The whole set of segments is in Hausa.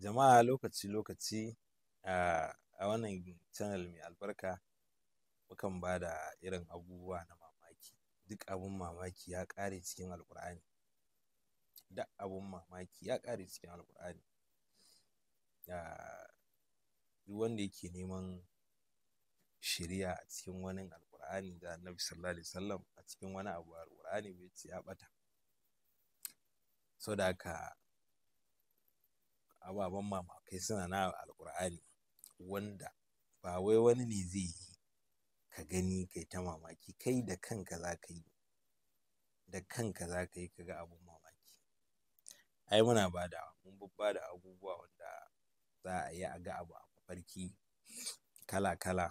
jama'a lokaci-lokaci a wannan channel mai albarka mukan ba da irin abubuwa na mamaki duk abun mamaki ya ƙare cikin alƙur'ani duk abun mamaki ya ƙare cikin alƙur'ani duk wanda yake neman shirya a cikin wani alƙur'ani da annabi sallallahu alaihi wasallam a cikin wani abu alƙur'ani bai ce ya ɓata da haka ababen mamakai suna na alkur'ani wanda ba wai wani ne zai yi ka gani kai ta mamaki kai da kanka za ka yi da kanka za ka yi ka ga abun mamaki ai muna ba da mun babba da abubuwa wanda za a yi a ga abu a mafarki kala-kala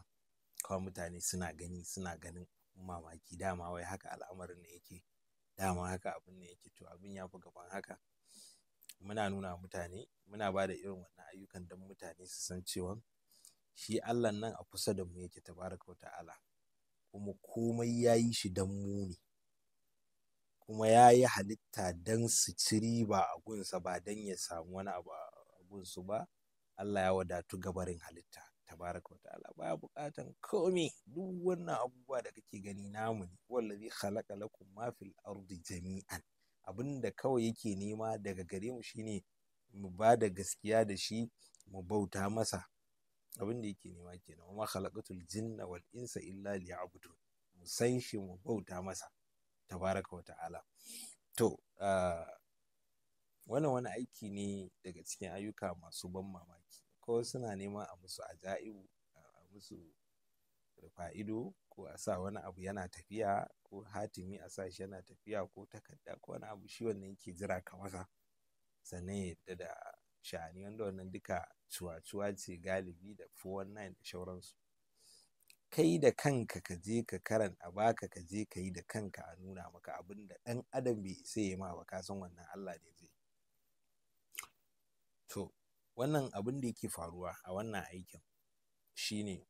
kawai mutane suna gani suna ganin mamaki dama wai haka al'amarin ne yake dama haka abin ne yake to abin ya fi gaban haka muna nuna mutane muna ba da irin wannan ayyukan don mutane su san cewa shi Allah nan a kusa da mu yake tabaraka wa ta'ala kuma komai ya yi shi don mu ne kuma ya yi halitta don su ci riba a gunsa ba don ya samu wani abu a gunsu ba Allah ya wadatu gabarin halitta tabaraka wa ta'ala baya bukatan komai duk wannan abubuwa da kake gani namu ne wallazi khalaqa lakum ma fil ardi jami'an abin da kawai yake nema daga gare mu shine mu ba da gaskiya da shi mu bauta masa abin da yake nema kenan wa khalaqatul jinna wal insa illa liya'budun mu san shi mu bauta masa tabaraka wa ta'ala to wannan wani aiki ne daga cikin ayyuka masu ban mamaki ko suna nema a musu ajaibu a musu rufa ido ko a sa wani abu yana tafiya ko hatimi a sa shi yana tafiya ko takarda ko wani abu shi wannan yake jira ka masa sannan ya yadda da sha'ani wanda wannan duka cuwa-cuwa ce galibi da 419 da shauransu kai da kanka ka je ka karan a baka ka je ka yi da kanka a nuna maka abin da ɗan adam bai isa yi ma ba ka san wannan Allah ne zai to wannan abin da yake faruwa a wannan aikin shine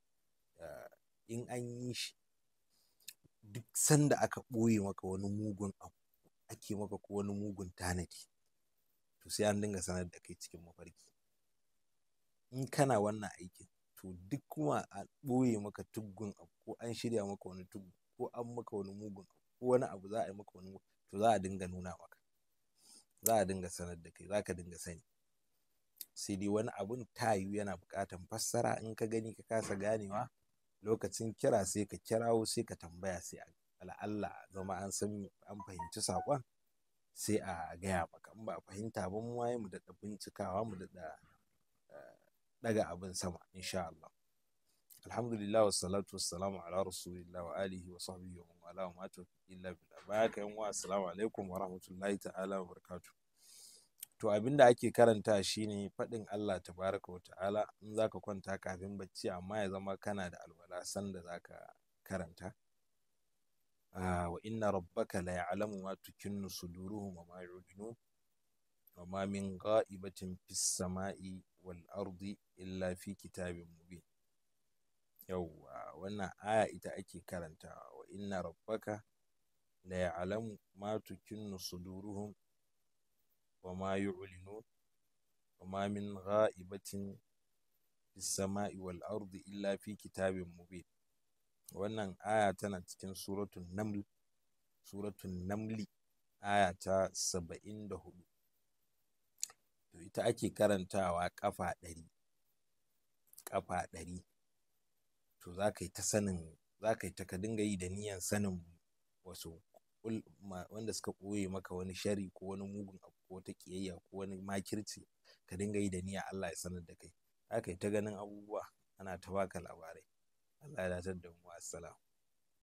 in an yi shi duk sanda aka ɓoye maka wani mugun abu ake maka ko wani mugun tanadi to sai an dinga sanar da kai cikin mafarki in kana wannan aikin to duk kuma a ɓoye maka tuggun abu ko an shirya maka wani tuggun ko an maka wani mugun abu ko wani abu za a yi maka wani to za a dinga nuna maka za a dinga sanar da kai za ka dinga sani sai dai wani abun ta yiwu yana buƙatan fassara in ka gani ka kasa ganewa lokacin kira sai ka kirawo sai ka tambaya sai a Allah zama an san an fahimci saƙon sai a gaya maka in ba fahimta ba mu waye mu daɗa bincikawa mu daɗa daga eh, abin sama insha Allah alhamdulillah wassalatu wassalamu ala rasulillah wa alihi wa sahbihi wa man wa ma tawfiq illa billah baraka yan wa assalamu alaikum wa rahmatullahi ta'ala wa barakatuh to abin da ake karanta shine faɗin Allah tabaraka ta'ala in zaka kwanta kafin bacci amma ya zama kana da alwala sanda zaka karanta ah, wa inna rabbaka la ya'lamu ma tukinnu suduruhum wa ma yu'linun wa ma min gha'ibatin fis sama'i wal ardi illa fi kitabin mubin yawwa wannan aya ita ake karanta wa inna rabbaka la ya'lamu ma tukinnu suduruhum وما يعلنون وما من غائبة في السماء والأرض إلا في كتاب مبين fi kitabin mubin wannan aya tana cikin suratul naml suratul namli aya ta 74 to ita ake karantawa kafa 100 kafa 100 to za ka yi ta sanin za ka yi ta ka dinga yi da niyan sanin wasu wanda suka ɓoye maka wani shari ko wani mugun abu ko wata ƙiyayya ko wani makirci ka dinga yi da niyya Allah ya sanar da kai haka ta ganin abubuwa ana ta baka labarai Allah ya datar da mu assalamu